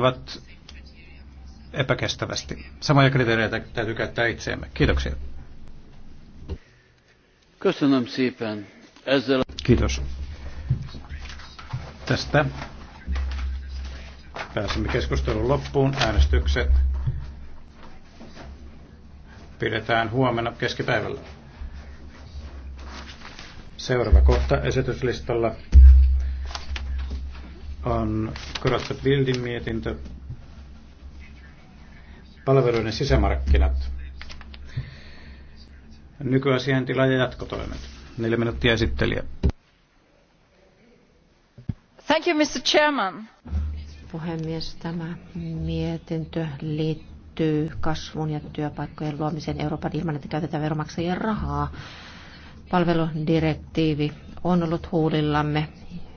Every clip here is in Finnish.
vastaavat epäkestävästi. Samoja kriteereitä täytyy käyttää itseemme. Kiitoksia. Kiitos. Tästä pääsemme keskustelun loppuun. Äänestykset pidetään huomenna keskipäivällä. Seuraava kohta esityslistalla on Corrupted Bildin mietintö. Palveluiden sisämarkkinat. Nykyasiantila ja jatkotoimet. Neljä minuuttia esittelijä. Thank you, Mr. Chairman. Puhemies, tämä mietintö liittyy kasvun ja työpaikkojen luomiseen Euroopan ilman, että käytetään veromaksajien rahaa. Palveludirektiivi on ollut huulillamme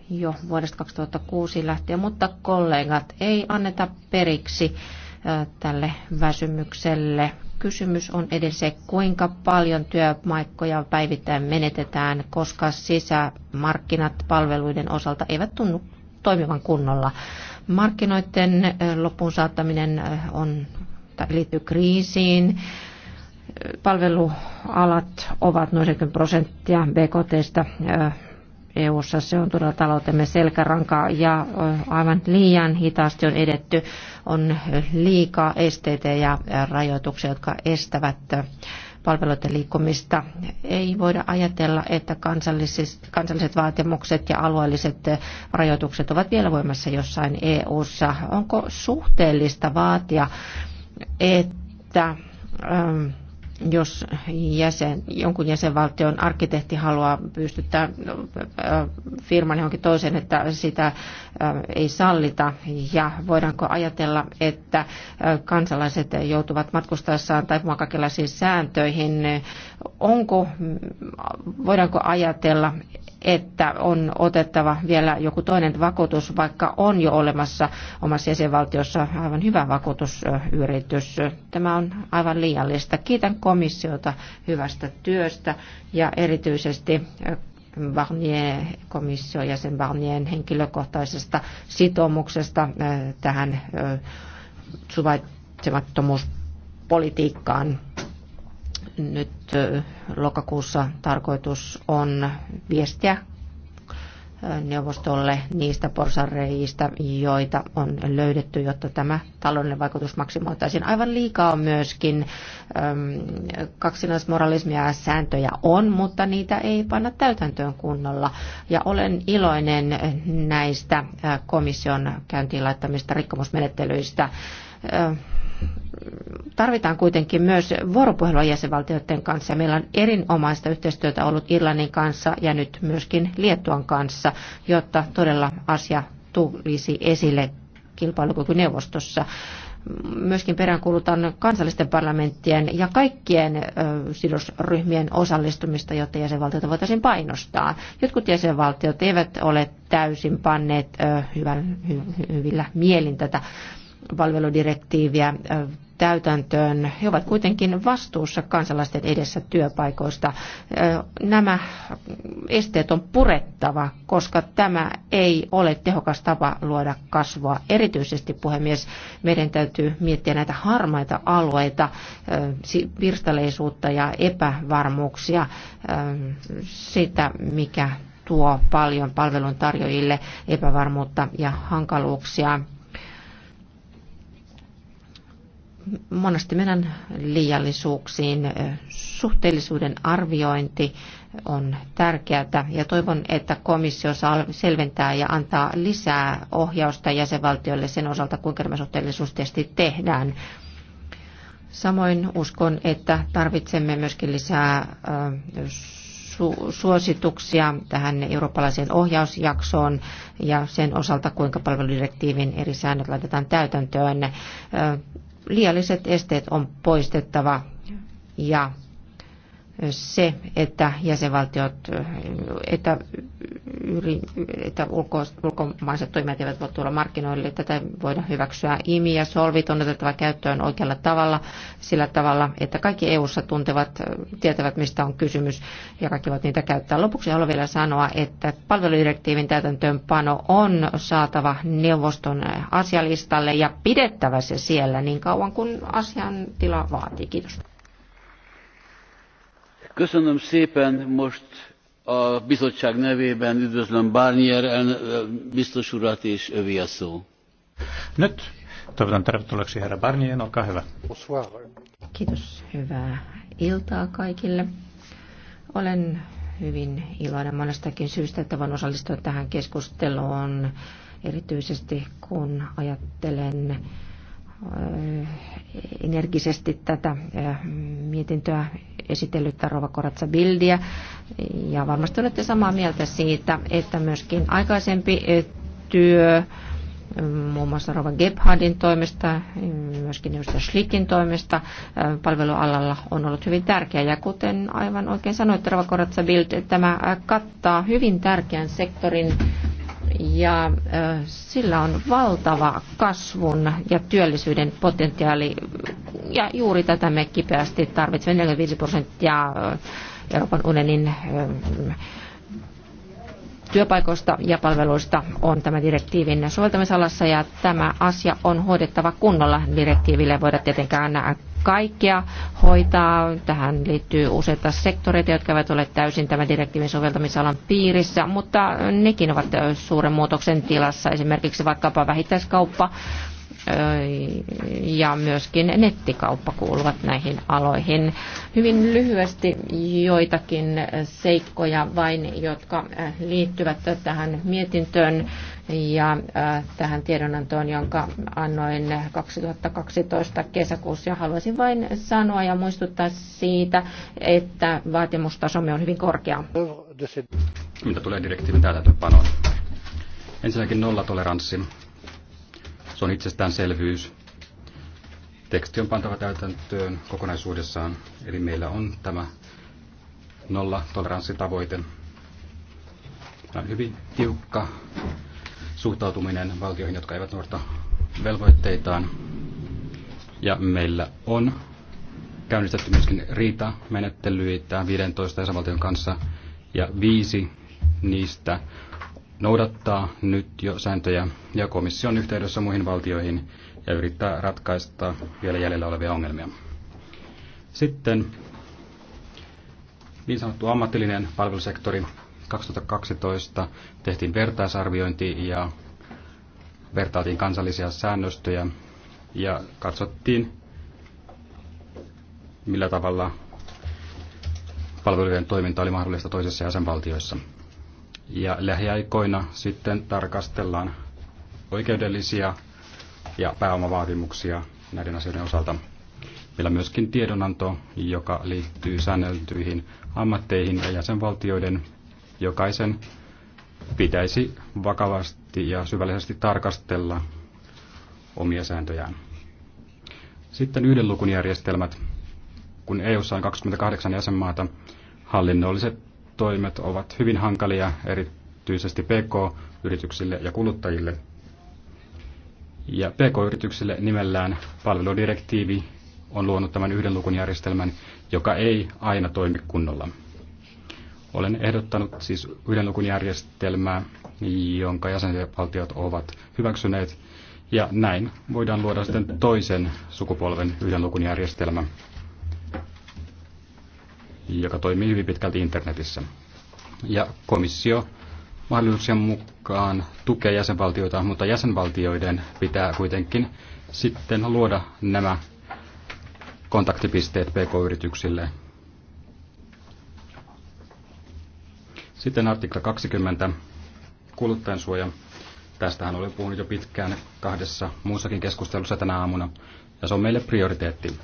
jo vuodesta 2006 lähtien, mutta kollegat, ei anneta periksi äh, tälle väsymykselle. Kysymys on edelleen kuinka paljon työmaikkoja päivittäin menetetään, koska sisämarkkinat palveluiden osalta eivät tunnu toimivan kunnolla. Markkinoiden äh, loppuun saattaminen äh, on, liittyy kriisiin. Palvelualat ovat noin 90 prosenttia BKTstä EU-ssa. Se on todella taloutemme selkäranka ja aivan liian hitaasti on edetty. On liikaa esteitä ja rajoituksia, jotka estävät palveluiden liikkumista. Ei voida ajatella, että kansalliset, vaatimukset ja alueelliset rajoitukset ovat vielä voimassa jossain EU:ssa. Onko suhteellista vaatia, että ähm, jos jäsen, jonkun jäsenvaltion arkkitehti haluaa pystyttää firman johonkin toiseen, että sitä ei sallita. Ja voidaanko ajatella, että kansalaiset joutuvat matkustaessaan tai kaikenlaisiin sääntöihin. Onko, voidaanko ajatella, että on otettava vielä joku toinen vakuutus, vaikka on jo olemassa omassa jäsenvaltiossa aivan hyvä vakuutusyritys. Tämä on aivan liiallista. Kiitän komissiota hyvästä työstä ja erityisesti Barnier, ja jäsen Barnier henkilökohtaisesta sitoumuksesta äh, tähän äh, suvaitsemattomuuspolitiikkaan nyt lokakuussa tarkoitus on viestiä neuvostolle niistä porsareista, joita on löydetty, jotta tämä taloudellinen vaikutus maksimoitaisiin. Aivan liikaa on myöskin kaksinaismoralismia ja sääntöjä on, mutta niitä ei panna täytäntöön kunnolla. Ja olen iloinen näistä komission käyntiin laittamista rikkomusmenettelyistä tarvitaan kuitenkin myös vuoropuhelua jäsenvaltioiden kanssa. Meillä on erinomaista yhteistyötä ollut Irlannin kanssa ja nyt myöskin Liettuan kanssa, jotta todella asia tulisi esille kilpailukykyneuvostossa. Myöskin peräänkuulutan kansallisten parlamenttien ja kaikkien sidosryhmien osallistumista, jotta jäsenvaltioita voitaisiin painostaa. Jotkut jäsenvaltiot eivät ole täysin panneet hyvän, hyvillä mielin tätä palveludirektiiviä täytäntöön. He ovat kuitenkin vastuussa kansalaisten edessä työpaikoista. Nämä esteet on purettava, koska tämä ei ole tehokas tapa luoda kasvua. Erityisesti, puhemies, meidän täytyy miettiä näitä harmaita alueita, virstaleisuutta ja epävarmuuksia, sitä mikä tuo paljon palveluntarjoajille epävarmuutta ja hankaluuksia. monesti meidän liiallisuuksiin. Suhteellisuuden arviointi on tärkeää ja toivon, että komissio saa selventää ja antaa lisää ohjausta jäsenvaltioille sen osalta, kuinka nämä suhteellisuustesti tehdään. Samoin uskon, että tarvitsemme myöskin lisää su- suosituksia tähän eurooppalaiseen ohjausjaksoon ja sen osalta, kuinka palveludirektiivin eri säännöt laitetaan täytäntöön liialliset esteet on poistettava ja se, että jäsenvaltiot, että, yri, että ulko, ulkomaiset toimijat eivät voi tulla markkinoille. Tätä voidaan hyväksyä. IMI ja solvit on otettava käyttöön oikealla tavalla, sillä tavalla, että kaikki EU-ssa tuntevat, tietävät, mistä on kysymys ja kaikki voivat niitä käyttää. Lopuksi haluan vielä sanoa, että palveludirektiivin täytäntöönpano on saatava neuvoston asialistalle ja pidettävä se siellä niin kauan kuin asian tila vaatii. Kiitos. Köszönöm szépen, most a bizottság nevében üdvözlöm Barnier biztos urat, és a szó. Nyt toivotan tervetulleeksi herra Barnier, olkaa hyvä. Kiitos, hyvää iltaa kaikille. Olen hyvin iloinen monestakin syystä, että voin osallistua tähän keskusteluun, erityisesti kun ajattelen energisesti tätä mietintöä esitellyttä Rova Koratsa Bildiä. Ja varmasti olette samaa mieltä siitä, että myöskin aikaisempi työ muun muassa Rova Gebhardin toimesta, myöskin edustaja Schlickin toimesta palvelualalla on ollut hyvin tärkeä. Ja kuten aivan oikein sanoit, Rova Koratsa Bild, tämä kattaa hyvin tärkeän sektorin ja sillä on valtava kasvun ja työllisyyden potentiaali ja juuri tätä me kipeästi tarvitsemme 45 prosenttia Euroopan unionin työpaikoista ja palveluista on tämä direktiivin soveltamisalassa ja tämä asia on hoidettava kunnolla. Direktiiville voida tietenkään kaikkea hoitaa. Tähän liittyy useita sektoreita, jotka eivät ole täysin tämän direktiivin soveltamisalan piirissä, mutta nekin ovat suuren muutoksen tilassa. Esimerkiksi vaikkapa vähittäiskauppa ja myöskin nettikauppa kuuluvat näihin aloihin. Hyvin lyhyesti joitakin seikkoja vain, jotka liittyvät tähän mietintöön ja tähän tiedonantoon, jonka annoin 2012 kesäkuussa. Ja haluaisin vain sanoa ja muistuttaa siitä, että vaatimustasomme on hyvin korkea. Mitä tulee direktiivin täytäntöönpanoon? Ensinnäkin nollatoleranssi. Se on itsestäänselvyys. Teksti on pantava täytäntöön kokonaisuudessaan, eli meillä on tämä nollatoleranssitavoite. Tämä on hyvin tiukka suhtautuminen valtioihin, jotka eivät noudata velvoitteitaan. Ja meillä on käynnistetty myöskin riitamenettelyitä 15 jäsenvaltion kanssa, ja viisi niistä noudattaa nyt jo sääntöjä, ja komissio on yhteydessä muihin valtioihin ja yrittää ratkaista vielä jäljellä olevia ongelmia. Sitten niin sanottu ammatillinen palvelusektori. 2012 tehtiin vertaisarviointi ja vertaatiin kansallisia säännöstöjä ja katsottiin, millä tavalla palvelujen toiminta oli mahdollista toisessa jäsenvaltioissa. Ja lähiaikoina sitten tarkastellaan oikeudellisia ja pääomavaatimuksia näiden asioiden osalta. Meillä on myöskin tiedonanto, joka liittyy säänneltyihin ammatteihin ja jäsenvaltioiden jokaisen pitäisi vakavasti ja syvällisesti tarkastella omia sääntöjään. Sitten yhden lukun järjestelmät. Kun EU:ssa on 28 jäsenmaata, hallinnolliset toimet ovat hyvin hankalia erityisesti PK-yrityksille ja kuluttajille. Ja PK-yrityksille nimellään palveludirektiivi on luonut tämän yhden lukun järjestelmän, joka ei aina toimi kunnolla. Olen ehdottanut siis yhden lukun järjestelmää, jonka jäsenvaltiot ovat hyväksyneet, ja näin voidaan luoda sitten toisen sukupolven yhden lukun järjestelmä, joka toimii hyvin pitkälti internetissä. Ja komissio mahdollisuuksien mukaan tukee jäsenvaltioita, mutta jäsenvaltioiden pitää kuitenkin sitten luoda nämä kontaktipisteet pk-yrityksille Sitten artikla 20, kuluttajansuoja. Tästähän olen puhunut jo pitkään kahdessa muussakin keskustelussa tänä aamuna, ja se on meille prioriteetti.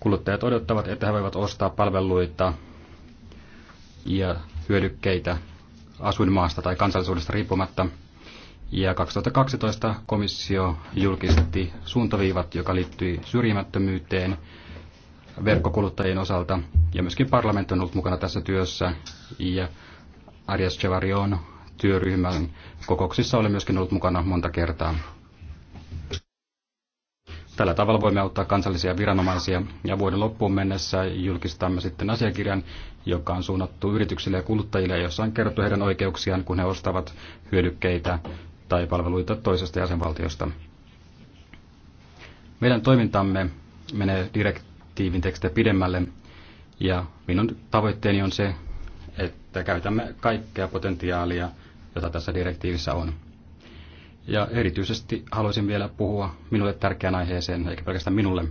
Kuluttajat odottavat, että he voivat ostaa palveluita ja hyödykkeitä asuinmaasta tai kansallisuudesta riippumatta. Ja 2012 komissio julkisti suuntaviivat, joka liittyi syrjimättömyyteen, verkkokuluttajien osalta. Ja myöskin parlamentti on ollut mukana tässä työssä ja Arias Chevarion työryhmän kokouksissa olen myöskin ollut mukana monta kertaa. Tällä tavalla voimme auttaa kansallisia viranomaisia ja vuoden loppuun mennessä julkistamme sitten asiakirjan, joka on suunnattu yrityksille ja kuluttajille, jossa on kerrottu heidän oikeuksiaan, kun he ostavat hyödykkeitä tai palveluita toisesta jäsenvaltiosta. Meidän toimintamme menee direkt tiivin tekstejä pidemmälle. Ja minun tavoitteeni on se, että käytämme kaikkea potentiaalia, jota tässä direktiivissä on. Ja erityisesti haluaisin vielä puhua minulle tärkeään aiheeseen, eikä pelkästään minulle,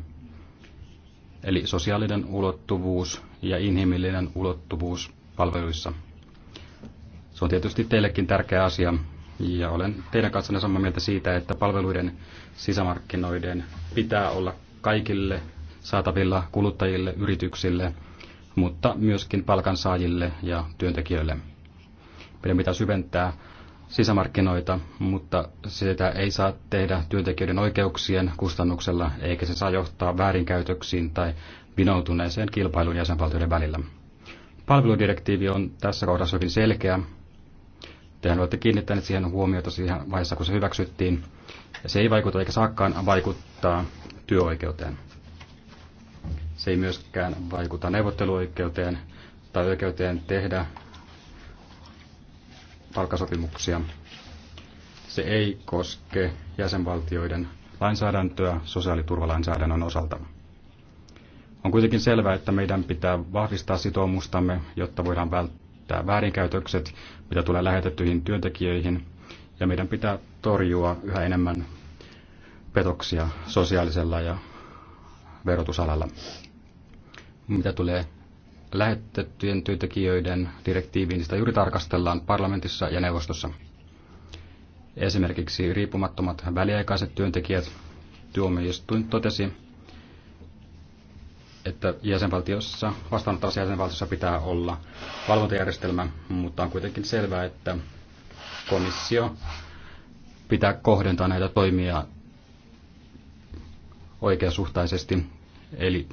eli sosiaalinen ulottuvuus ja inhimillinen ulottuvuus palveluissa. Se on tietysti teillekin tärkeä asia, ja olen teidän kanssanne samaa mieltä siitä, että palveluiden sisämarkkinoiden pitää olla kaikille saatavilla kuluttajille, yrityksille, mutta myöskin palkansaajille ja työntekijöille. Meidän pitää syventää sisämarkkinoita, mutta sitä ei saa tehdä työntekijöiden oikeuksien kustannuksella, eikä se saa johtaa väärinkäytöksiin tai vinoutuneeseen kilpailuun jäsenvaltioiden välillä. Palveludirektiivi on tässä kohdassa hyvin selkeä. Tehän olette kiinnittäneet siihen huomiota siihen vaiheessa, kun se hyväksyttiin. Ja se ei vaikuta eikä saakkaan vaikuttaa työoikeuteen. Se ei myöskään vaikuta neuvotteluoikeuteen tai oikeuteen tehdä palkkasopimuksia. Se ei koske jäsenvaltioiden lainsäädäntöä sosiaaliturvalainsäädännön osalta. On kuitenkin selvää, että meidän pitää vahvistaa sitoumustamme, jotta voidaan välttää väärinkäytökset, mitä tulee lähetettyihin työntekijöihin, ja meidän pitää torjua yhä enemmän petoksia sosiaalisella ja verotusalalla mitä tulee lähetettyjen työntekijöiden direktiiviin, niin sitä juuri tarkastellaan parlamentissa ja neuvostossa. Esimerkiksi riippumattomat väliaikaiset työntekijät tuomioistuin totesi, että jäsenvaltiossa, vastaanottavassa jäsenvaltiossa pitää olla valvontajärjestelmä, mutta on kuitenkin selvää, että komissio pitää kohdentaa näitä toimia oikeasuhtaisesti, eli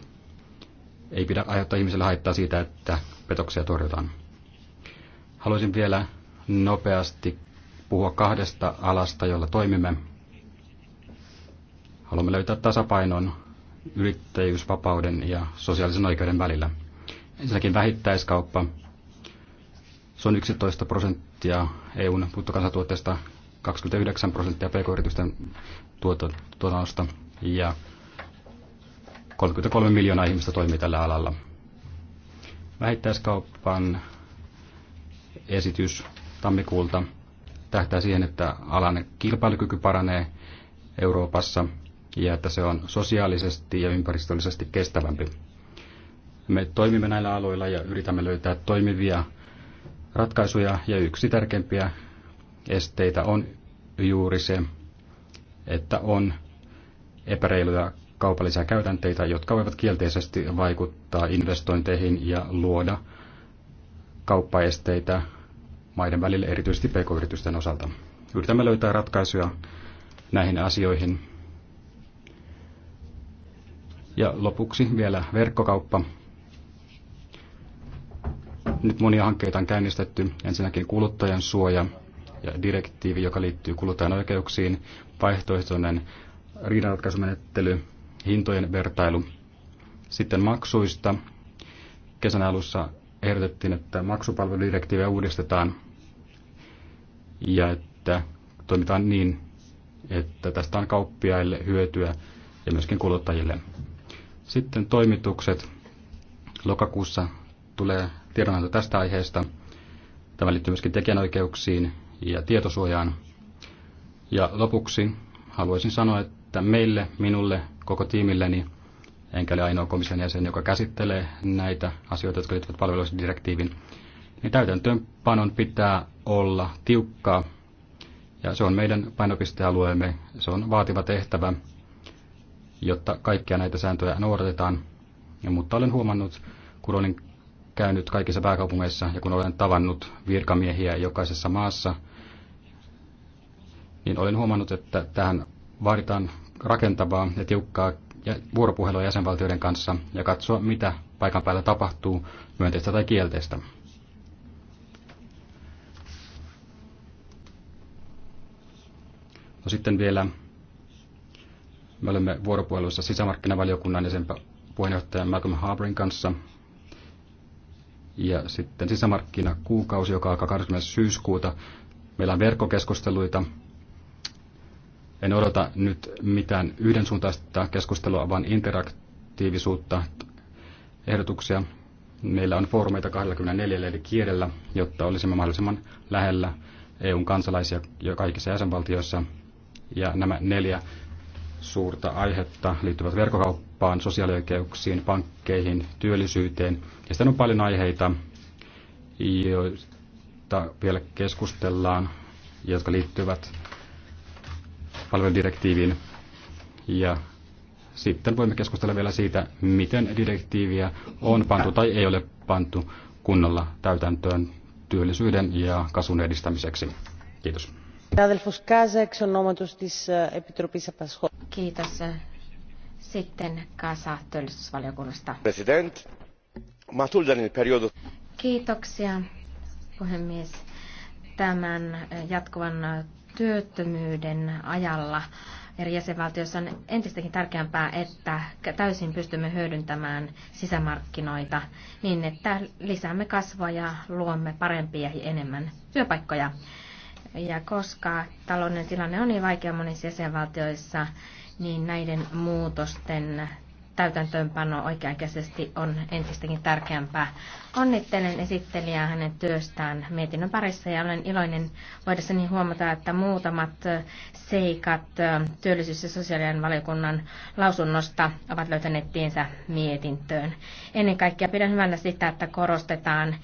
ei pidä aiheuttaa ihmiselle haittaa siitä, että petoksia torjutaan. Haluaisin vielä nopeasti puhua kahdesta alasta, jolla toimimme. Haluamme löytää tasapainon yrittäjyysvapauden ja sosiaalisen oikeuden välillä. Ensinnäkin vähittäiskauppa. Se on 11 prosenttia EUn bruttokansantuotteesta, 29 prosenttia pk-yritysten tuotannosta ja 33 miljoonaa ihmistä toimii tällä alalla. Vähittäiskauppan esitys tammikuulta tähtää siihen, että alan kilpailukyky paranee Euroopassa ja että se on sosiaalisesti ja ympäristöllisesti kestävämpi. Me toimimme näillä aloilla ja yritämme löytää toimivia ratkaisuja ja yksi tärkeimpiä esteitä on juuri se, että on epäreiluja kaupallisia käytänteitä, jotka voivat kielteisesti vaikuttaa investointeihin ja luoda kauppaesteitä maiden välille, erityisesti pk-yritysten osalta. Yritämme löytää ratkaisuja näihin asioihin. Ja lopuksi vielä verkkokauppa. Nyt monia hankkeita on käynnistetty. Ensinnäkin kuluttajan suoja ja direktiivi, joka liittyy kuluttajan oikeuksiin, vaihtoehtoinen riidanratkaisumenettely hintojen vertailu. Sitten maksuista. Kesän alussa ehdotettiin, että maksupalveludirektiiviä uudistetaan ja että toimitaan niin, että tästä on kauppiaille hyötyä ja myöskin kuluttajille. Sitten toimitukset. Lokakuussa tulee tiedonanto tästä aiheesta. Tämä liittyy myöskin tekijänoikeuksiin ja tietosuojaan. Ja lopuksi haluaisin sanoa, että meille, minulle koko tiimilleni, enkä ole ainoa komission jäsen, joka käsittelee näitä asioita, jotka liittyvät palvelusdirektiivin, niin täytäntöönpanon pitää olla tiukkaa. Ja se on meidän painopistealueemme, se on vaativa tehtävä, jotta kaikkia näitä sääntöjä noudatetaan. Ja, mutta olen huomannut, kun olen käynyt kaikissa pääkaupungeissa ja kun olen tavannut virkamiehiä jokaisessa maassa, niin olen huomannut, että tähän vaaditaan rakentavaa ja tiukkaa vuoropuhelua jäsenvaltioiden kanssa ja katsoa, mitä paikan päällä tapahtuu, myönteistä tai kielteistä. No sitten vielä me olemme vuoropuhelussa sisämarkkinavaliokunnan ja sen puheenjohtajan Malcolm Harbrin kanssa. Ja sitten sisämarkkinakuukausi, joka alkaa 20. syyskuuta. Meillä on verkkokeskusteluita en odota nyt mitään yhdensuuntaista keskustelua, vaan interaktiivisuutta, ehdotuksia. Meillä on foorumeita 24 eri kielellä, jotta olisimme mahdollisimman lähellä EUn kansalaisia jo kaikissa jäsenvaltioissa. Ja nämä neljä suurta aihetta liittyvät verkkokauppaan, sosiaalioikeuksiin, pankkeihin, työllisyyteen. Ja sitten on paljon aiheita, joista vielä keskustellaan, jotka liittyvät palveludirektiiviin. Ja sitten voimme keskustella vielä siitä, miten direktiiviä on pantu tai ei ole pantu kunnolla täytäntöön työllisyyden ja kasvun edistämiseksi. Kiitos. Kiitos. Sitten Kasa työllisyysvaliokunnasta. President, Kiitoksia, puhemies. Tämän jatkuvan työttömyyden ajalla eri jäsenvaltioissa on entistäkin tärkeämpää, että täysin pystymme hyödyntämään sisämarkkinoita niin, että lisäämme kasvua ja luomme parempia ja enemmän työpaikkoja. Ja koska talouden tilanne on niin vaikea monissa jäsenvaltioissa, niin näiden muutosten täytäntöönpano oikeankäisesti on entistäkin tärkeämpää. Onnittelen esittelijää hänen työstään mietinnön parissa ja olen iloinen voidessani huomata, että muutamat seikat työllisyys- ja sosiaalien valiokunnan lausunnosta ovat löytäneet tiensä mietintöön. Ennen kaikkea pidän hyvänä sitä, että korostetaan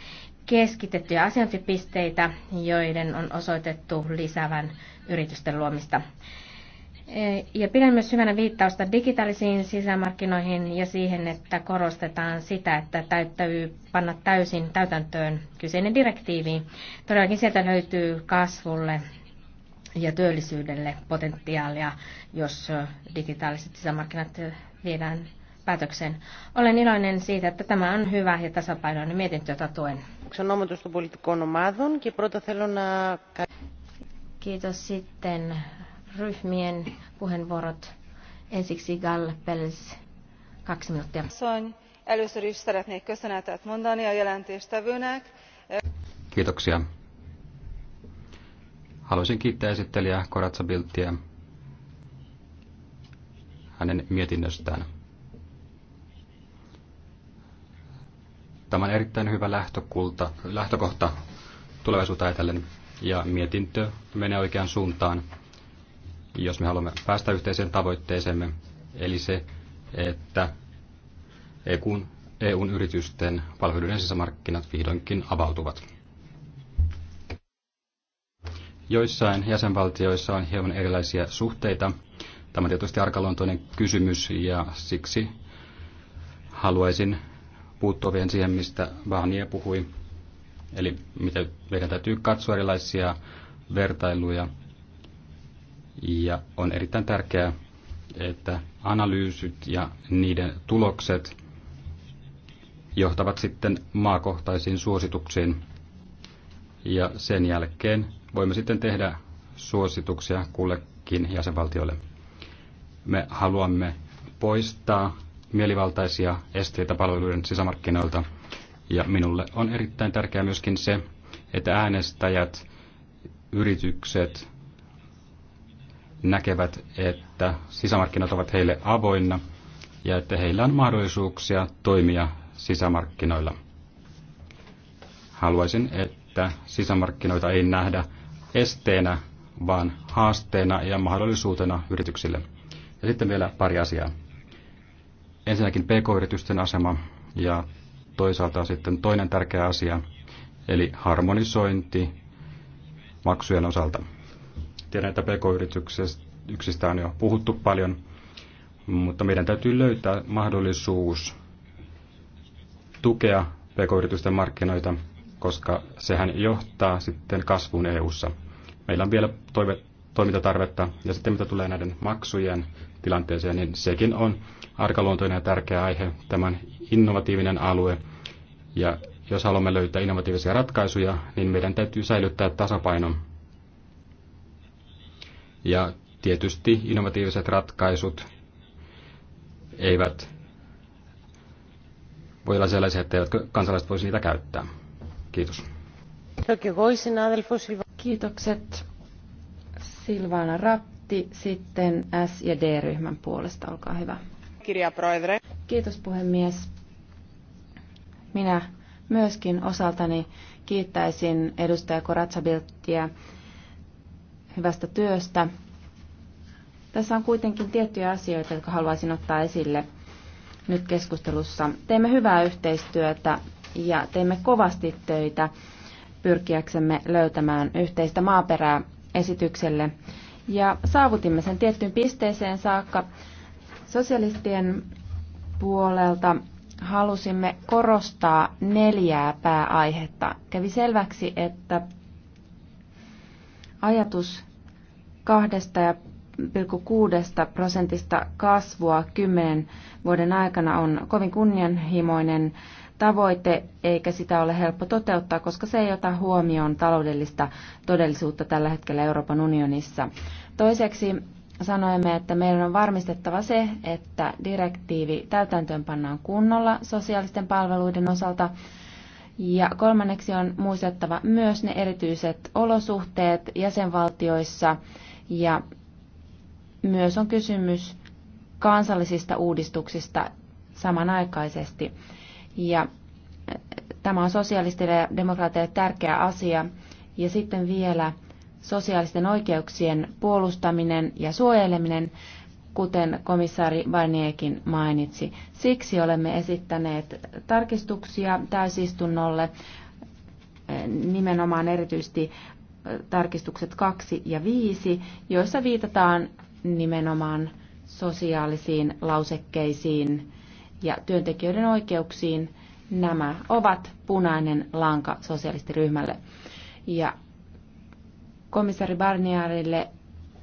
keskitettyjä asiointipisteitä, joiden on osoitettu lisäävän yritysten luomista. Ja pidän myös hyvänä viittausta digitaalisiin sisämarkkinoihin ja siihen, että korostetaan sitä, että täyttäyy panna täysin täytäntöön kyseinen direktiivi. Todellakin sieltä löytyy kasvulle ja työllisyydelle potentiaalia, jos digitaaliset sisämarkkinat viedään päätökseen. Olen iloinen siitä, että tämä on hyvä ja tasapainoinen mietintö, jota tuen. Kiitos sitten ryhmien puheenvuorot. Ensiksi Gall Pels, kaksi minuuttia. Először is szeretnék köszönetet mondani a jelentéstevőnek. Kiitoksia. Haluaisin kiittää esittelijää Koratsa Bilttiä hänen mietinnöstään. Tämä on erittäin hyvä lähtökulta, lähtökohta tulevaisuutta ajatellen ja mietintö menee oikeaan suuntaan jos me haluamme päästä yhteiseen tavoitteeseemme, eli se, että EUn, EUn yritysten palveluiden sisämarkkinat vihdoinkin avautuvat. Joissain jäsenvaltioissa on hieman erilaisia suhteita. Tämä on tietysti arkaluontoinen kysymys ja siksi haluaisin puuttua vielä siihen, mistä Vahnie puhui. Eli mitä meidän täytyy katsoa erilaisia vertailuja ja on erittäin tärkeää, että analyysit ja niiden tulokset johtavat sitten maakohtaisiin suosituksiin. Ja sen jälkeen voimme sitten tehdä suosituksia kullekin jäsenvaltiolle. Me haluamme poistaa mielivaltaisia esteitä palveluiden sisämarkkinoilta. Ja minulle on erittäin tärkeää myöskin se, että äänestäjät, yritykset näkevät, että sisämarkkinat ovat heille avoinna ja että heillä on mahdollisuuksia toimia sisämarkkinoilla. Haluaisin, että sisämarkkinoita ei nähdä esteenä, vaan haasteena ja mahdollisuutena yrityksille. Ja sitten vielä pari asiaa. Ensinnäkin pk-yritysten asema ja toisaalta sitten toinen tärkeä asia, eli harmonisointi maksujen osalta. Tiedän, että pk-yrityksistä on jo puhuttu paljon, mutta meidän täytyy löytää mahdollisuus tukea pk-yritysten markkinoita, koska sehän johtaa sitten kasvuun EU-ssa. Meillä on vielä toive, toimintatarvetta ja sitten mitä tulee näiden maksujen tilanteeseen, niin sekin on arkaluontoinen ja tärkeä aihe, tämän innovatiivinen alue. Ja jos haluamme löytää innovatiivisia ratkaisuja, niin meidän täytyy säilyttää tasapaino ja tietysti innovatiiviset ratkaisut eivät voi olla sellaisia, että kansalaiset voisi niitä käyttää. Kiitos. Kiitokset Silvana Ratti sitten S- ja D-ryhmän puolesta. Olkaa hyvä. Kiitos puhemies. Minä myöskin osaltani kiittäisin edustaja Koratsabilttiä hyvästä työstä. Tässä on kuitenkin tiettyjä asioita, jotka haluaisin ottaa esille nyt keskustelussa. Teemme hyvää yhteistyötä ja teemme kovasti töitä pyrkiäksemme löytämään yhteistä maaperää esitykselle. Ja saavutimme sen tiettyyn pisteeseen saakka. Sosialistien puolelta halusimme korostaa neljää pääaihetta. Kävi selväksi, että Ajatus 2,6 ja prosentista kasvua kymmenen vuoden aikana on kovin kunnianhimoinen tavoite, eikä sitä ole helppo toteuttaa, koska se ei ota huomioon taloudellista todellisuutta tällä hetkellä Euroopan unionissa. Toiseksi sanoimme, että meidän on varmistettava se, että direktiivi täytäntöön pannaan kunnolla sosiaalisten palveluiden osalta ja kolmanneksi on muistettava myös ne erityiset olosuhteet jäsenvaltioissa ja myös on kysymys kansallisista uudistuksista samanaikaisesti. Ja eh, tämä on sosialistille ja demokraateille tärkeä asia. Ja sitten vielä sosiaalisten oikeuksien puolustaminen ja suojeleminen kuten komissaari Barnierkin mainitsi. Siksi olemme esittäneet tarkistuksia täysistunnolle, eh, nimenomaan erityisesti eh, tarkistukset 2 ja 5, joissa viitataan nimenomaan sosiaalisiin lausekkeisiin ja työntekijöiden oikeuksiin. Nämä ovat punainen lanka sosialistiryhmälle. Ja komissari Barnierille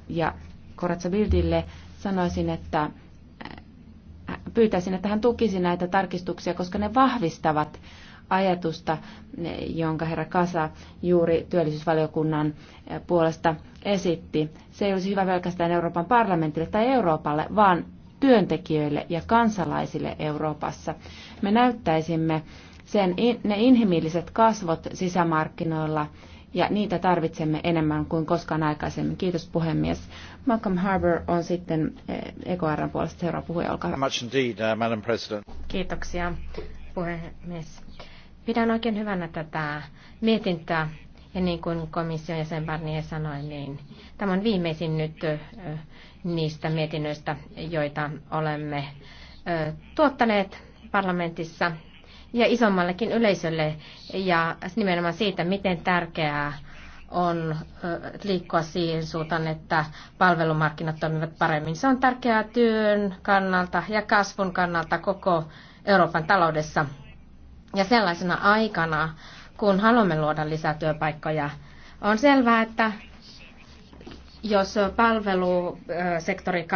ja Koratsa Bildille sanoisin, että äh, pyytäisin, että hän tukisi näitä tarkistuksia, koska ne vahvistavat ajatusta, jonka herra Kasa juuri työllisyysvaliokunnan äh, puolesta esitti. Se ei olisi hyvä pelkästään Euroopan parlamentille tai Euroopalle, vaan työntekijöille ja kansalaisille Euroopassa. Me näyttäisimme sen, ne inhimilliset kasvot sisämarkkinoilla – ja niitä tarvitsemme enemmän kuin koskaan aikaisemmin. Kiitos puhemies. Malcolm Harbour on sitten EKRn eh, e puolesta seuraava puhuja, olkaa hyvä. Much indeed, uh, Madam President. Kiitoksia puhemies. Pidän oikein hyvänä tätä mietintää. ja niin kuin komission jäsen Barnier sanoi, niin tämä on viimeisin nyt eh, niistä mietinnöistä, joita olemme eh, tuottaneet parlamentissa ja isommallekin yleisölle ja nimenomaan siitä, miten tärkeää on liikkua siihen suuntaan, että palvelumarkkinat toimivat paremmin. Se on tärkeää työn kannalta ja kasvun kannalta koko Euroopan taloudessa. Ja sellaisena aikana, kun haluamme luoda lisää työpaikkoja, on selvää, että jos palvelusektori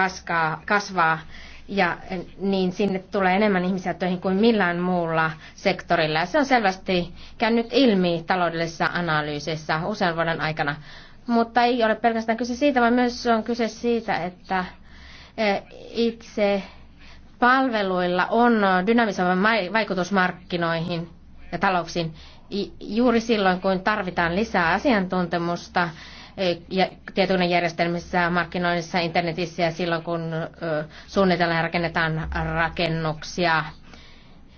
kasvaa, ja eh, niin sinne tulee enemmän ihmisiä töihin kuin millään muulla sektorilla. Ja se on selvästi käynyt ilmi taloudellisessa analyysissä usean vuoden aikana. Mutta ei ole pelkästään kyse siitä, vaan myös on kyse siitä, että eh, itse palveluilla on dynamisoiva vaikutus markkinoihin ja talouksiin juuri silloin, kun tarvitaan lisää asiantuntemusta tietokonejärjestelmissä, markkinoinnissa, internetissä ja silloin, kun suunnitellaan ja rakennetaan rakennuksia.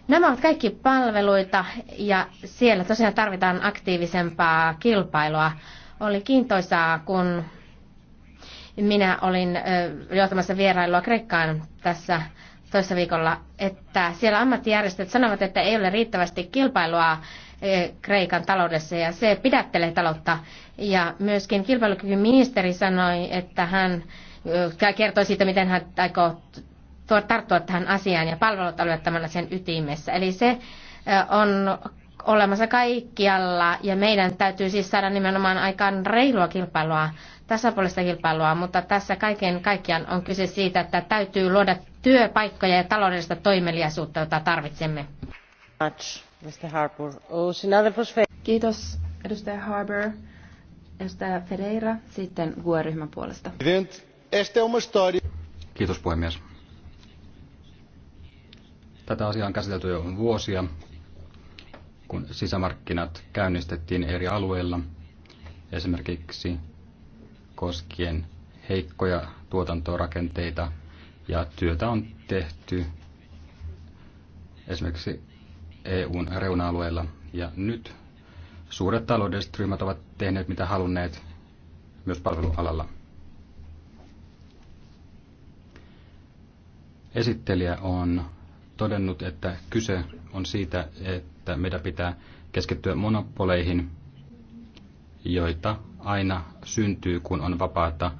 Nämä ovat kaikki palveluita ja siellä tosiaan tarvitaan aktiivisempaa kilpailua. Oli kiintoisaa, kun minä olin johtamassa vierailua Kreikkaan tässä toissa viikolla, että siellä ammattijärjestöt sanovat, että ei ole riittävästi kilpailua E, Kreikan taloudessa ja se pidättelee taloutta. Ja myöskin kilpailukykyministeri sanoi, että hän kertoi siitä, miten hän aikoo tarttua tähän asiaan ja palvelut olivat tämän asian ytimessä. Eli se on olemassa kaikkialla ja meidän täytyy siis saada nimenomaan aikaan reilua kilpailua, tasapuolista kilpailua, mutta tässä kaiken kaikkiaan on kyse siitä, että täytyy luoda työpaikkoja ja taloudellista toimeliaisuutta, jota tarvitsemme. Much. Oh, Kiitos, Ferreira, sitten puolesta. Kiitos, puhemies. Tätä asiaa on käsitelty jo vuosia, kun sisämarkkinat käynnistettiin eri alueilla, esimerkiksi koskien heikkoja tuotantorakenteita ja työtä on tehty esimerkiksi EUn reuna-alueilla. Ja nyt suuret taloudelliset ryhmät ovat tehneet mitä halunneet myös palvelualalla. Esittelijä on todennut, että kyse on siitä, että meidän pitää keskittyä monopoleihin, joita aina syntyy, kun on vapaata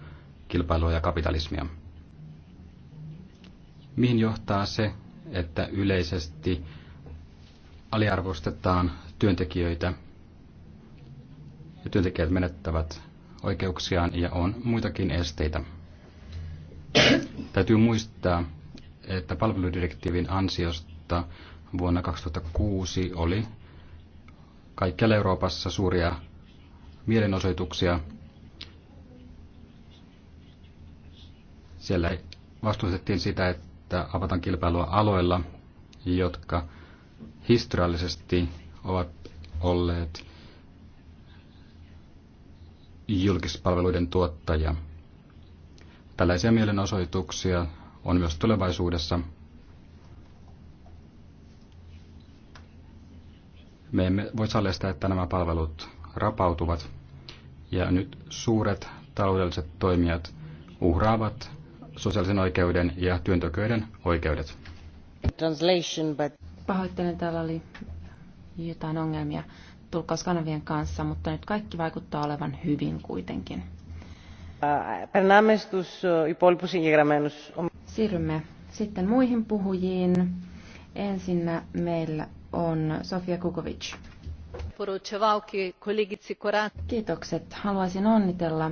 kilpailua ja kapitalismia. Mihin johtaa se, että yleisesti aliarvostetaan työntekijöitä ja työntekijät menettävät oikeuksiaan ja on muitakin esteitä. Täytyy muistaa, että palveludirektiivin ansiosta vuonna 2006 oli kaikkialla Euroopassa suuria mielenosoituksia. Siellä vastustettiin sitä, että avataan kilpailua aloilla, jotka historiallisesti ovat olleet julkispalveluiden tuottaja. Tällaisia mielenosoituksia on myös tulevaisuudessa. Me emme voi sallia sitä, että nämä palvelut rapautuvat. Ja nyt suuret taloudelliset toimijat uhraavat sosiaalisen oikeuden ja työntekijöiden oikeudet. Translation, but... Pahoittelen, täällä oli jotain ongelmia tulkkauskanavien kanssa, mutta nyt kaikki vaikuttaa olevan hyvin kuitenkin. Siirrymme sitten muihin puhujiin. Ensinnä meillä on Sofia Kukovic. Kiitokset. Haluaisin onnitella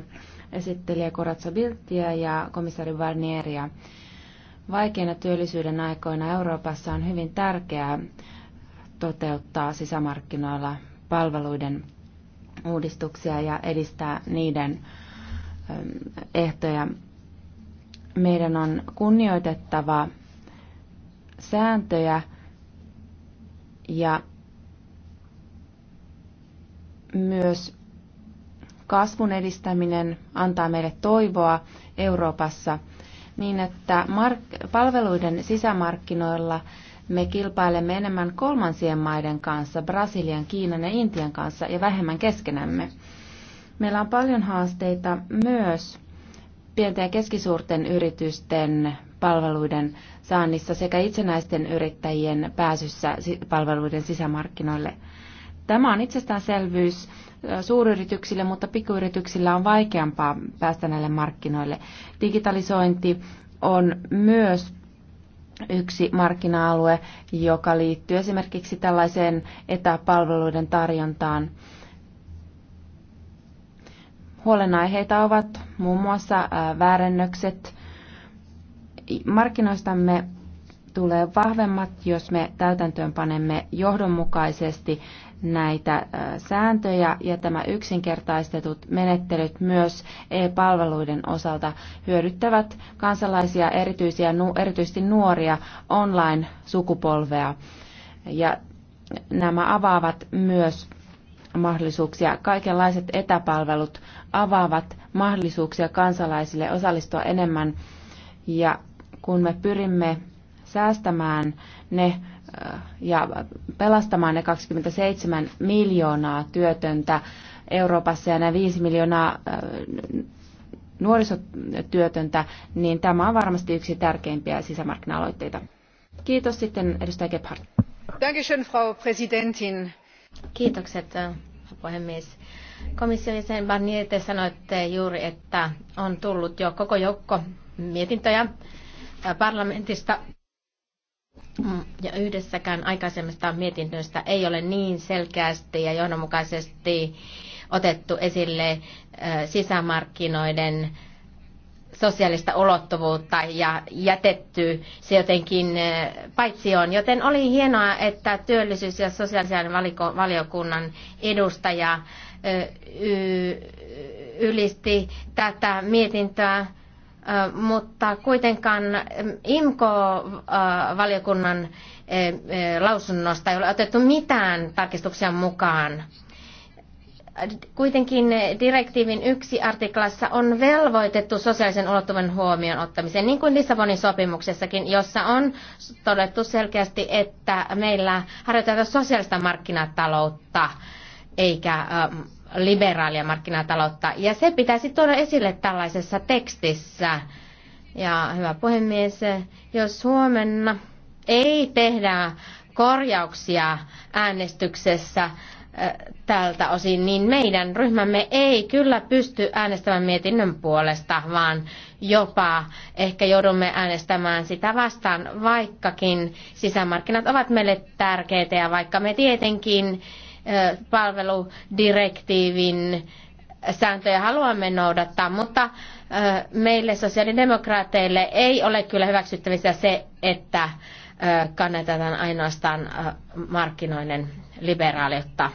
esittelijä Koratsa Bilttiä ja komissaari Varnieria Vaikeina työllisyyden aikoina Euroopassa on hyvin tärkeää toteuttaa sisämarkkinoilla palveluiden uudistuksia ja edistää niiden ähm, ehtoja. Meidän on kunnioitettava sääntöjä ja myös kasvun edistäminen antaa meille toivoa Euroopassa – niin, että mark- palveluiden sisämarkkinoilla me kilpailemme enemmän kolmansien maiden kanssa, Brasilian, Kiinan ja Intian kanssa ja vähemmän keskenämme. Meillä on paljon haasteita myös pienten ja keskisuurten yritysten palveluiden saannissa sekä itsenäisten yrittäjien pääsyssä palveluiden sisämarkkinoille – Tämä on itsestäänselvyys suuryrityksille, mutta pikkuyrityksillä on vaikeampaa päästä näille markkinoille. Digitalisointi on myös yksi markkina-alue, joka liittyy esimerkiksi tällaiseen etäpalveluiden tarjontaan. Huolenaiheita ovat muun muassa väärennökset. Markkinoistamme tulee vahvemmat, jos me täytäntöön panemme johdonmukaisesti näitä äh, sääntöjä ja tämä yksinkertaistetut menettelyt myös e-palveluiden osalta hyödyttävät kansalaisia, erityisiä, erityisesti nuoria online-sukupolvea. Ja nämä avaavat myös mahdollisuuksia. Kaikenlaiset etäpalvelut avaavat mahdollisuuksia kansalaisille osallistua enemmän ja kun me pyrimme säästämään ne äh, ja pelastamaan ne 27 miljoonaa työtöntä Euroopassa ja ne 5 miljoonaa äh, nuorisotyötöntä, niin tämä on varmasti yksi tärkeimpiä sisämarkkina-aloitteita. Kiitos sitten edustaja Gebhardt. Dankeschön, Frau Präsidentin. Kiitokset, äh, puhemies. Komission jäsen Barnier, te sanoitte juuri, että on tullut jo koko joukko mietintöjä parlamentista Mm, ja yhdessäkään aikaisemmista mietinnöistä ei ole niin selkeästi ja johdonmukaisesti otettu esille sisämarkkinoiden sosiaalista ulottuvuutta ja jätetty se jotenkin paitsioon. Joten oli hienoa, että työllisyys- ja sosiaalisen valiokunnan edustaja ylisti tätä mietintöä mutta kuitenkaan IMKO-valiokunnan lausunnosta ei ole otettu mitään tarkistuksia mukaan. Kuitenkin direktiivin yksi artiklassa on velvoitettu sosiaalisen ulottuvan huomioon ottamiseen, niin kuin Lissabonin sopimuksessakin, jossa on todettu selkeästi, että meillä harjoitetaan sosiaalista markkinataloutta eikä liberaalia markkinataloutta. Ja se pitäisi tuoda esille tällaisessa tekstissä. Ja hyvä puhemies, jos huomenna ei tehdä korjauksia äänestyksessä äh, tältä osin, niin meidän ryhmämme ei kyllä pysty äänestämään mietinnön puolesta, vaan jopa ehkä joudumme äänestämään sitä vastaan, vaikkakin sisämarkkinat ovat meille tärkeitä ja vaikka me tietenkin palveludirektiivin sääntöjä haluamme noudattaa, mutta meille sosiaalidemokraateille ei ole kyllä hyväksyttävissä se, että kannatetaan ainoastaan markkinoinen liberaaliutta.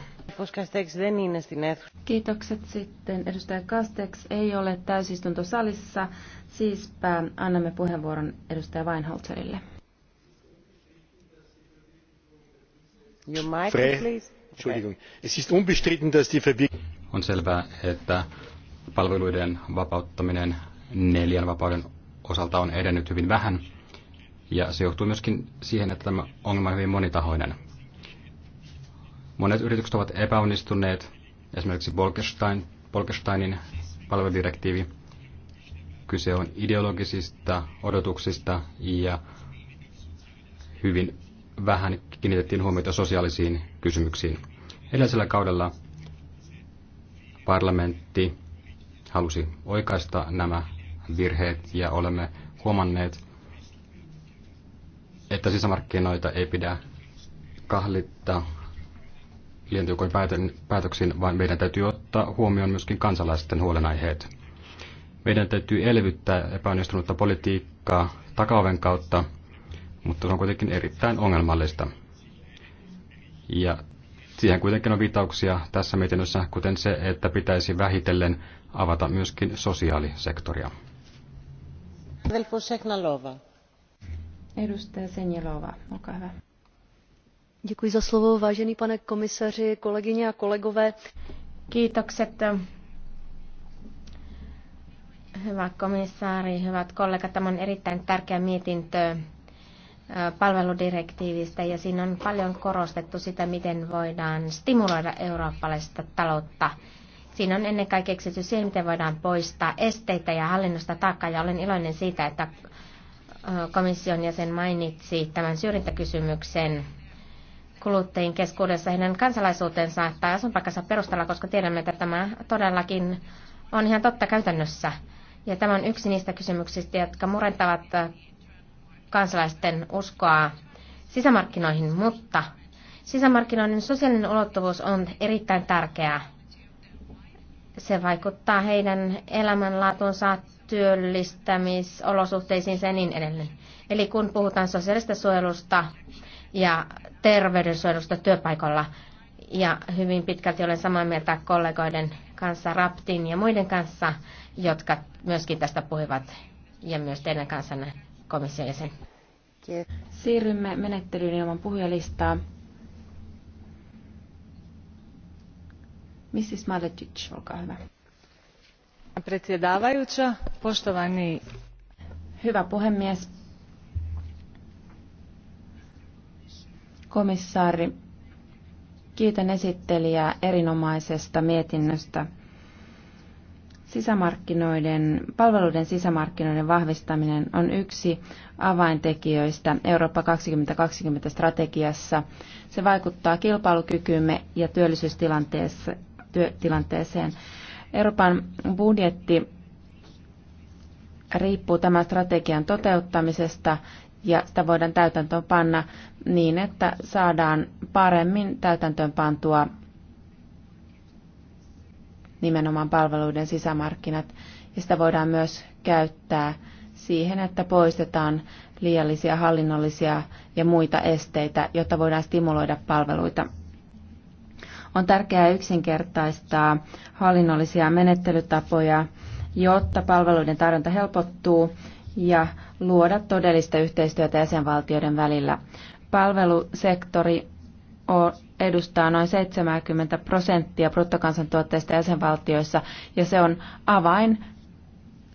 Kiitokset sitten. Edustaja Kasteks ei ole täysistuntosalissa, siispä annamme puheenvuoron edustaja Weinholzerille. Your mic, please. On selvää, että palveluiden vapauttaminen neljän vapauden osalta on edennyt hyvin vähän. Ja se johtuu myöskin siihen, että tämä ongelma on hyvin monitahoinen. Monet yritykset ovat epäonnistuneet, esimerkiksi Bolkestein, Bolkesteinin palveludirektiivi. Kyse on ideologisista odotuksista ja hyvin vähän kiinnitettiin huomiota sosiaalisiin kysymyksiin. Edellisellä kaudella parlamentti halusi oikaista nämä virheet ja olemme huomanneet, että sisämarkkinoita ei pidä kahlittaa liian tiukoin päätöksiin, vaan meidän täytyy ottaa huomioon myöskin kansalaisten huolenaiheet. Meidän täytyy elvyttää epäonnistunutta politiikkaa takaoven kautta, mutta se on kuitenkin erittäin ongelmallista. Ja siihen kuitenkin on viitauksia tässä mietinnössä, kuten se, että pitäisi vähitellen avata myöskin sosiaalisektoria. Edustaja Senjelova, olkaa hyvä. Děkuji za slovo, vážený pane komisaři, kolegyně a kolegové. Kiitokset. Hyvä komisaari, hyvät kollegat, tämä on erittäin tärkeä mietintö palveludirektiivistä ja siinä on paljon korostettu sitä, miten voidaan stimuloida eurooppalaista taloutta. Siinä on ennen kaikkea keksitty siihen, miten voidaan poistaa esteitä ja hallinnosta taakkaa ja olen iloinen siitä, että komission jäsen mainitsi tämän syrjintäkysymyksen kuluttajien keskuudessa heidän kansalaisuutensa tai asunpaikkansa perusteella, koska tiedämme, että tämä todellakin on ihan totta käytännössä. Ja tämä on yksi niistä kysymyksistä, jotka murentavat kansalaisten uskoa sisämarkkinoihin, mutta sisämarkkinoiden sosiaalinen ulottuvuus on erittäin tärkeää. Se vaikuttaa heidän elämänlaatuunsa, työllistämisolosuhteisiin ja niin edelleen. Eli kun puhutaan sosiaalista suojelusta ja terveydensuojelusta työpaikalla, ja hyvin pitkälti olen samaa mieltä kollegoiden kanssa, Raptin ja muiden kanssa, jotka myöskin tästä puhuivat, ja myös teidän kanssanne komission jäsen. Siirrymme menettelyyn ilman puhujalistaa. Mrs. Maletic, olkaa hyvä. Predsjedavajuća, poštovani... Hyvä puhemies. Komissaari, kiitän esittelijää erinomaisesta mietinnöstä. Sisämarkkinoiden, palveluiden sisämarkkinoiden vahvistaminen on yksi avaintekijöistä Eurooppa 2020 strategiassa. Se vaikuttaa kilpailukykyymme ja työllisyystilanteeseen. Euroopan budjetti riippuu tämän strategian toteuttamisesta ja sitä voidaan täytäntöön panna niin, että saadaan paremmin täytäntöön pantua nimenomaan palveluiden sisämarkkinat. Ja sitä voidaan myös käyttää siihen, että poistetaan liiallisia hallinnollisia ja muita esteitä, jotta voidaan stimuloida palveluita. On tärkeää yksinkertaistaa hallinnollisia menettelytapoja, jotta palveluiden tarjonta helpottuu ja luoda todellista yhteistyötä jäsenvaltioiden välillä. Palvelusektori edustaa noin 70 prosenttia bruttokansantuotteista jäsenvaltioissa ja se on avain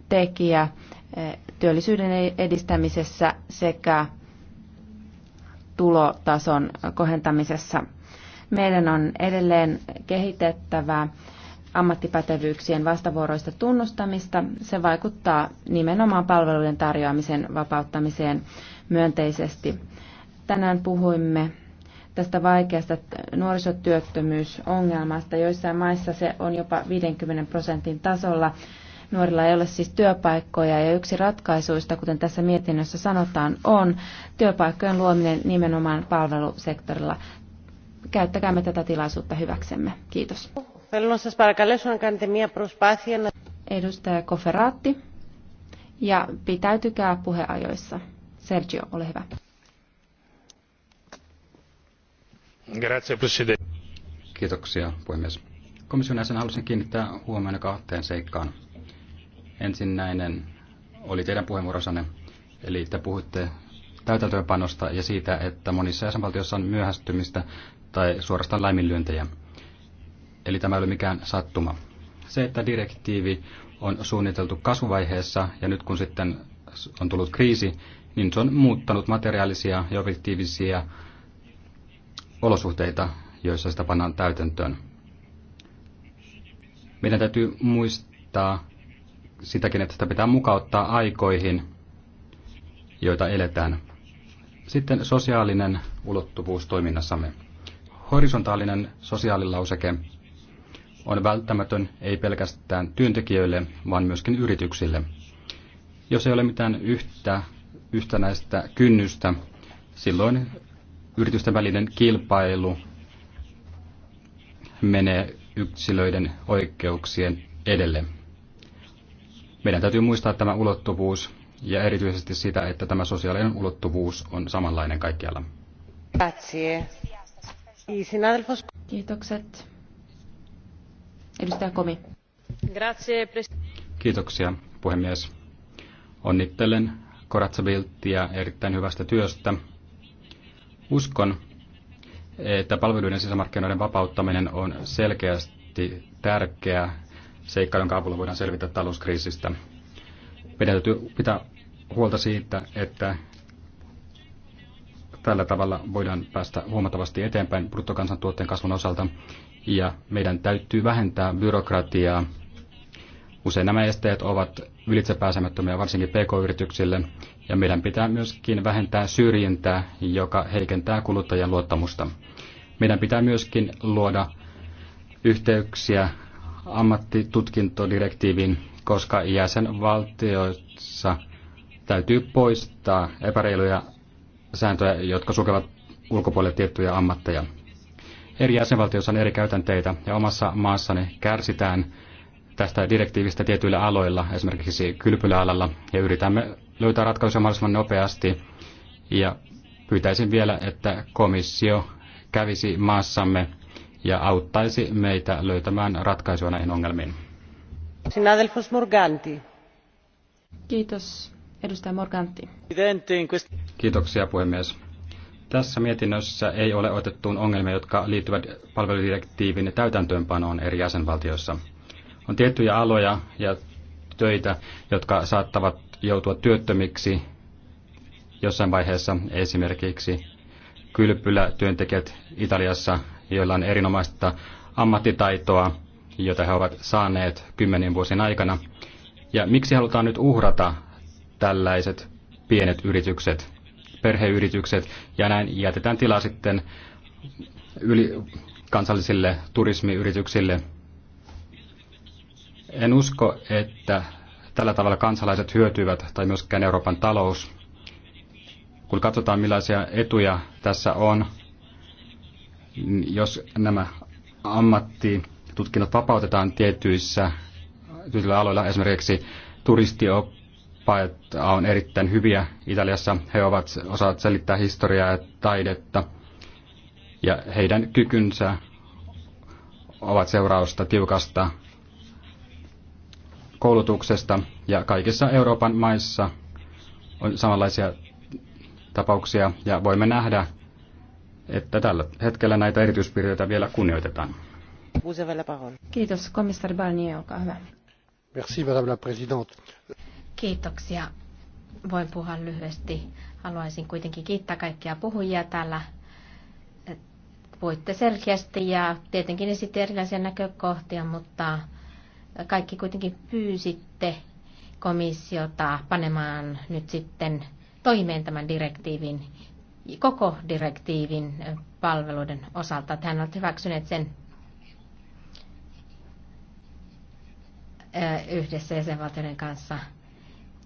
tekijä e, työllisyyden edistämisessä sekä tulotason kohentamisessa. Meidän on edelleen kehitettävä ammattipätevyyksien vastavuoroista tunnustamista. Se vaikuttaa nimenomaan palveluiden tarjoamisen vapauttamiseen myönteisesti. Tänään puhuimme tästä vaikeasta nuorisotyöttömyysongelmasta. Joissain maissa se on jopa 50 prosentin tasolla. Nuorilla ei ole siis työpaikkoja ja yksi ratkaisuista, kuten tässä mietinnössä sanotaan, on työpaikkojen luominen nimenomaan palvelusektorilla. Käyttäkäämme tätä tilaisuutta hyväksemme. Kiitos. Edustaja Koferaatti ja pitäytykää puheajoissa. Sergio, ole hyvä. Kiitoksia, puhemies. Komission jäsen halusin kiinnittää huomioon kahteen seikkaan. Ensinnäinen oli teidän puheenvuorossanne, eli te puhuitte täytäntöönpanosta ja siitä, että monissa jäsenvaltioissa on myöhästymistä tai suorastaan laiminlyöntejä. Eli tämä ei ole mikään sattuma. Se, että direktiivi on suunniteltu kasvuvaiheessa ja nyt kun sitten on tullut kriisi, niin se on muuttanut materiaalisia ja objektiivisia olosuhteita, joissa sitä pannaan täytäntöön. Meidän täytyy muistaa sitäkin, että sitä pitää mukauttaa aikoihin, joita eletään. Sitten sosiaalinen ulottuvuus toiminnassamme. Horisontaalinen sosiaalilauseke on välttämätön ei pelkästään työntekijöille, vaan myöskin yrityksille. Jos ei ole mitään yhtä yhtenäistä kynnystä, silloin yritysten välinen kilpailu menee yksilöiden oikeuksien edelle. Meidän täytyy muistaa tämä ulottuvuus ja erityisesti sitä, että tämä sosiaalinen ulottuvuus on samanlainen kaikkialla. Kiitokset. Edustaja Komi. Kiitoksia, puhemies. Onnittelen Koratsabiltia erittäin hyvästä työstä Uskon, että palveluiden sisämarkkinoiden vapauttaminen on selkeästi tärkeä seikka, jonka avulla voidaan selvitä talouskriisistä. Meidän täytyy pitää huolta siitä, että tällä tavalla voidaan päästä huomattavasti eteenpäin bruttokansantuotteen kasvun osalta, ja meidän täytyy vähentää byrokratiaa. Usein nämä esteet ovat ylitsepääsemättömiä varsinkin pk-yrityksille, ja meidän pitää myöskin vähentää syrjintää, joka heikentää kuluttajan luottamusta. Meidän pitää myöskin luoda yhteyksiä ammattitutkintodirektiiviin, koska jäsenvaltioissa täytyy poistaa epäreiluja sääntöjä, jotka sukevat ulkopuolelle tiettyjä ammatteja. Eri jäsenvaltioissa on eri käytänteitä ja omassa maassani kärsitään tästä direktiivistä tietyillä aloilla, esimerkiksi kylpyläalalla, ja yritämme löytää ratkaisuja mahdollisimman nopeasti. Ja pyytäisin vielä, että komissio kävisi maassamme ja auttaisi meitä löytämään ratkaisua näihin ongelmiin. Sinadelfos Morganti. Kiitos, edustaja Morganti. Kiitoksia, puhemies. Tässä mietinnössä ei ole otettuun ongelmia, jotka liittyvät palveludirektiivin täytäntöönpanoon eri jäsenvaltioissa. On tiettyjä aloja ja töitä, jotka saattavat joutua työttömiksi jossain vaiheessa, esimerkiksi kylpylätyöntekijät Italiassa, joilla on erinomaista ammattitaitoa, jota he ovat saaneet kymmenien vuosien aikana. Ja miksi halutaan nyt uhrata tällaiset pienet yritykset, perheyritykset, ja näin jätetään tilaa sitten yli kansallisille turismiyrityksille. En usko, että tällä tavalla kansalaiset hyötyvät tai myöskään Euroopan talous. Kun katsotaan millaisia etuja tässä on, jos nämä ammattitutkinnot vapautetaan tietyissä, tietyillä aloilla, esimerkiksi turistioppaat on erittäin hyviä Italiassa, he ovat, osaavat selittää historiaa ja taidetta, ja heidän kykynsä ovat seurausta tiukasta koulutuksesta ja kaikissa Euroopan maissa on samanlaisia tapauksia ja voimme nähdä, että tällä hetkellä näitä erityispiirteitä vielä kunnioitetaan. Kiitos, komissari Barnier, olkaa hyvä. Merci, madame la présidente. Kiitoksia. Voin puhua lyhyesti. Haluaisin kuitenkin kiittää kaikkia puhujia täällä. Voitte selkeästi ja tietenkin esitti erilaisia näkökohtia, mutta kaikki kuitenkin pyysitte komissiota panemaan nyt sitten toimeen tämän direktiivin, koko direktiivin palveluiden osalta. Tähän olet hyväksyneet sen yhdessä jäsenvaltioiden kanssa.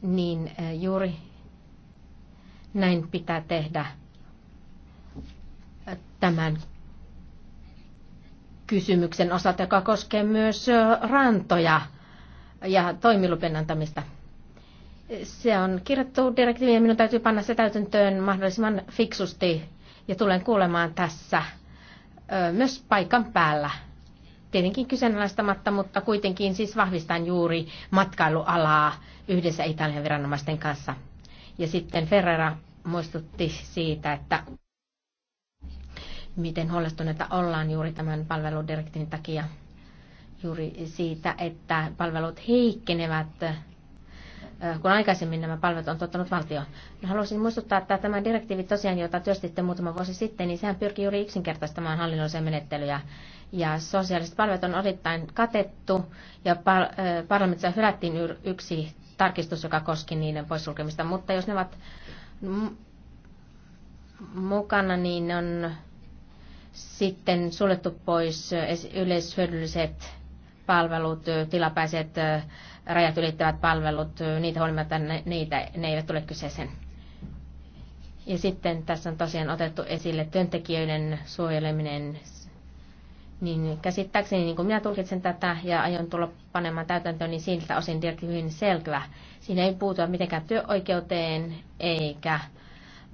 Niin juuri näin pitää tehdä tämän kysymyksen osalta, joka koskee myös rantoja ja toimilupien antamista. Se on kirjattu direktiivi ja minun täytyy panna se täytäntöön mahdollisimman fiksusti ja tulen kuulemaan tässä myös paikan päällä. Tietenkin kyseenalaistamatta, mutta kuitenkin siis vahvistan juuri matkailualaa yhdessä Italian viranomaisten kanssa. Ja sitten Ferrera muistutti siitä, että miten huolestuneita ollaan juuri tämän palveludirektiivin takia juuri siitä, että palvelut heikkenevät, kun aikaisemmin nämä palvelut on tuottanut valtio. No, haluaisin muistuttaa, että tämä direktiivi tosiaan, jota työstitte muutama vuosi sitten, niin sehän pyrkii juuri yksinkertaistamaan hallinnollisia menettelyjä. Ja sosiaaliset palvelut on osittain katettu ja parlamentissa hylättiin yksi tarkistus, joka koski niiden poissulkemista. Mutta jos ne ovat mukana, niin on sitten suljettu pois yleishyödylliset palvelut, tilapäiset rajat ylittävät palvelut, niitä huolimatta niitä, ne eivät tule kyseeseen. Ja sitten tässä on tosiaan otettu esille työntekijöiden suojeleminen, niin käsittääkseni, niin kuin minä tulkitsen tätä ja aion tulla panemaan täytäntöön, niin siltä osin direktiivi hyvin selkeä. Siinä ei puutua mitenkään työoikeuteen eikä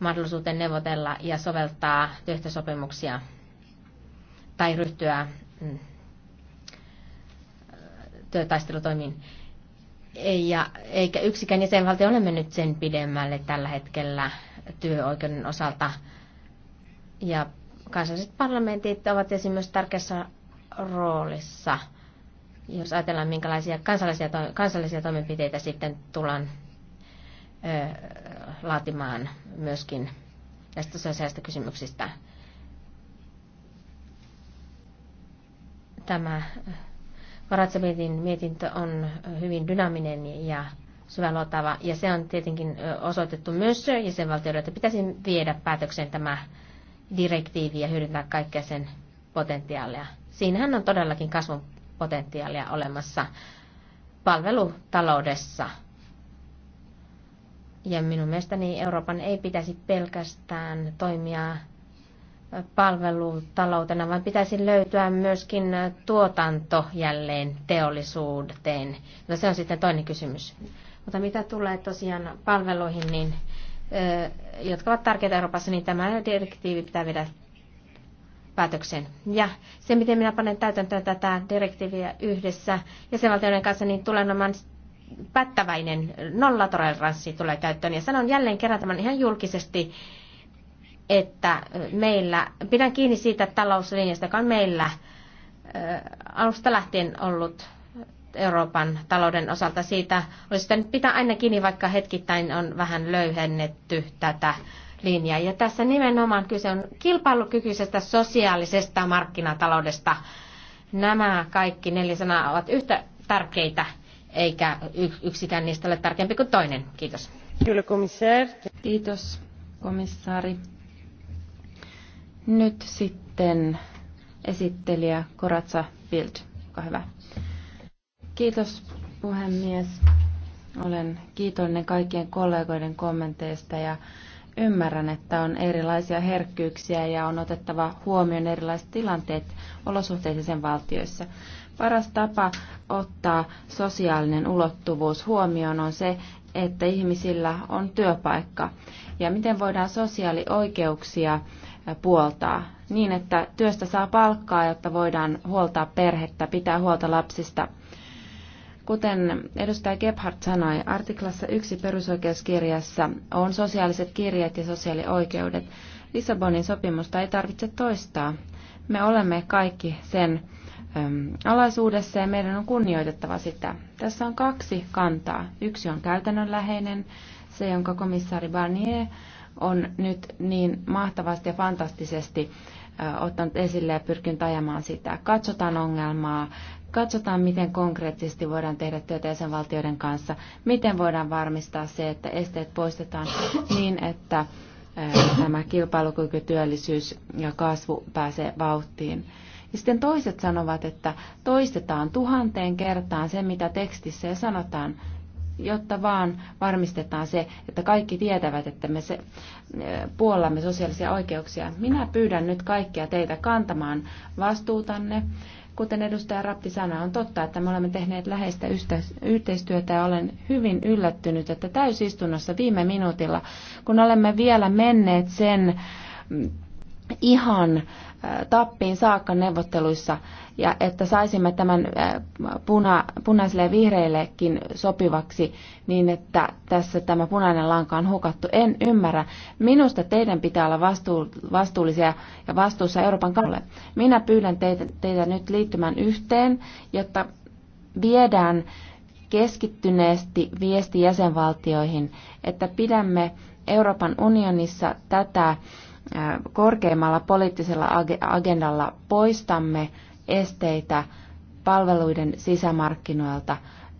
mahdollisuuteen neuvotella ja soveltaa työhtösopimuksia tai ryhtyä mm, työtaistelutoimiin. Ja, eikä yksikään jäsenvaltio ole mennyt sen pidemmälle tällä hetkellä työoikeuden osalta. Ja kansalliset parlamentit ovat esimerkiksi tärkeässä roolissa, jos ajatellaan minkälaisia kansallisia, to- kansallisia toimenpiteitä sitten tullaan ö, laatimaan myöskin näistä sosiaalista kysymyksistä. Tämä Varatsabetin äh, mietintö on äh, hyvin dynaaminen ja syväluotava, ja se on tietenkin äh, osoitettu myös jäsenvaltioille, että pitäisi viedä päätökseen tämä direktiivi ja hyödyntää kaikkea sen potentiaalia. Siinähän on todellakin kasvun potentiaalia olemassa palvelutaloudessa. Ja minun mielestäni Euroopan ei pitäisi pelkästään toimia palvelutaloutena, vaan pitäisi löytyä myöskin tuotanto jälleen teollisuuteen. No se on sitten toinen kysymys. Mutta mitä tulee tosiaan palveluihin, niin, jotka ovat tärkeitä Euroopassa, niin tämä direktiivi pitää viedä päätöksen. Ja se, miten minä panen täytäntöön tätä direktiiviä yhdessä jäsenvaltioiden kanssa, niin tulen oman pättäväinen nollatoleranssi tulee käyttöön. Ja sanon jälleen kerran tämän ihan julkisesti, että meillä, pidän kiinni siitä talouslinjasta, joka on meillä alusta lähtien ollut Euroopan talouden osalta siitä olisi nyt pitää aina kiinni, vaikka hetkittäin on vähän löyhennetty tätä linjaa. Ja tässä nimenomaan kyse on kilpailukykyisestä sosiaalisesta markkinataloudesta. Nämä kaikki neljä sanaa ovat yhtä tärkeitä, eikä yksikään niistä ole tärkeämpi kuin toinen. Kiitos. Kiitos, komissaari. Nyt sitten esittelijä Koratsa Bild, olkaa hyvä. Kiitos puhemies. Olen kiitollinen kaikkien kollegoiden kommenteista ja ymmärrän, että on erilaisia herkkyyksiä ja on otettava huomioon erilaiset tilanteet sen valtioissa. Paras tapa ottaa sosiaalinen ulottuvuus huomioon on se, että ihmisillä on työpaikka. Ja miten voidaan sosiaalioikeuksia puoltaa niin, että työstä saa palkkaa, jotta voidaan huoltaa perhettä, pitää huolta lapsista. Kuten edustaja Gebhardt sanoi, artiklassa yksi perusoikeuskirjassa on sosiaaliset kirjat ja sosiaalioikeudet. Lissabonin sopimusta ei tarvitse toistaa. Me olemme kaikki sen alaisuudessa ja meidän on kunnioitettava sitä. Tässä on kaksi kantaa. Yksi on käytännönläheinen, se jonka komissaari Barnier on nyt niin mahtavasti ja fantastisesti ottanut esille ja pyrkinyt ajamaan sitä. Katsotaan ongelmaa, katsotaan miten konkreettisesti voidaan tehdä työtä jäsenvaltioiden kanssa, miten voidaan varmistaa se, että esteet poistetaan niin, että tämä kilpailukyky, työllisyys ja kasvu pääsee vauhtiin. Ja sitten toiset sanovat, että toistetaan tuhanteen kertaan se, mitä tekstissä sanotaan jotta vaan varmistetaan se, että kaikki tietävät, että me se, puollamme sosiaalisia oikeuksia. Minä pyydän nyt kaikkia teitä kantamaan vastuutanne. Kuten edustaja Rapti sanoi, on totta, että me olemme tehneet läheistä yhteistyötä ja olen hyvin yllättynyt, että täysistunnossa viime minuutilla, kun olemme vielä menneet sen mm, ihan tappiin saakka neuvotteluissa ja että saisimme tämän puna, punaisille ja vihreillekin sopivaksi niin, että tässä tämä punainen lanka on hukattu. En ymmärrä. Minusta teidän pitää olla vastuu, vastuullisia ja vastuussa Euroopan kalle. Minä pyydän teitä, teitä nyt liittymään yhteen, jotta viedään keskittyneesti viesti jäsenvaltioihin, että pidämme Euroopan unionissa tätä korkeimmalla poliittisella agendalla poistamme esteitä palveluiden sisämarkkinoilta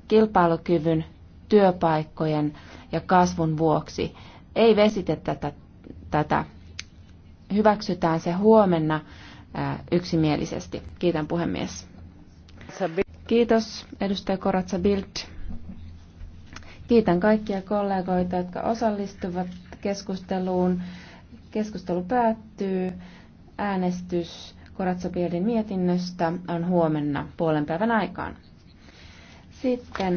kilpailukyvyn, työpaikkojen ja kasvun vuoksi. Ei vesitä tätä. tätä. Hyväksytään se huomenna yksimielisesti. Kiitän puhemies. Kiitos edustaja Koratsa Bild. Kiitän kaikkia kollegoita, jotka osallistuvat keskusteluun. Keskustelu päättyy. Äänestys Koratsopiedin mietinnöstä on huomenna puolen päivän aikaan. Sitten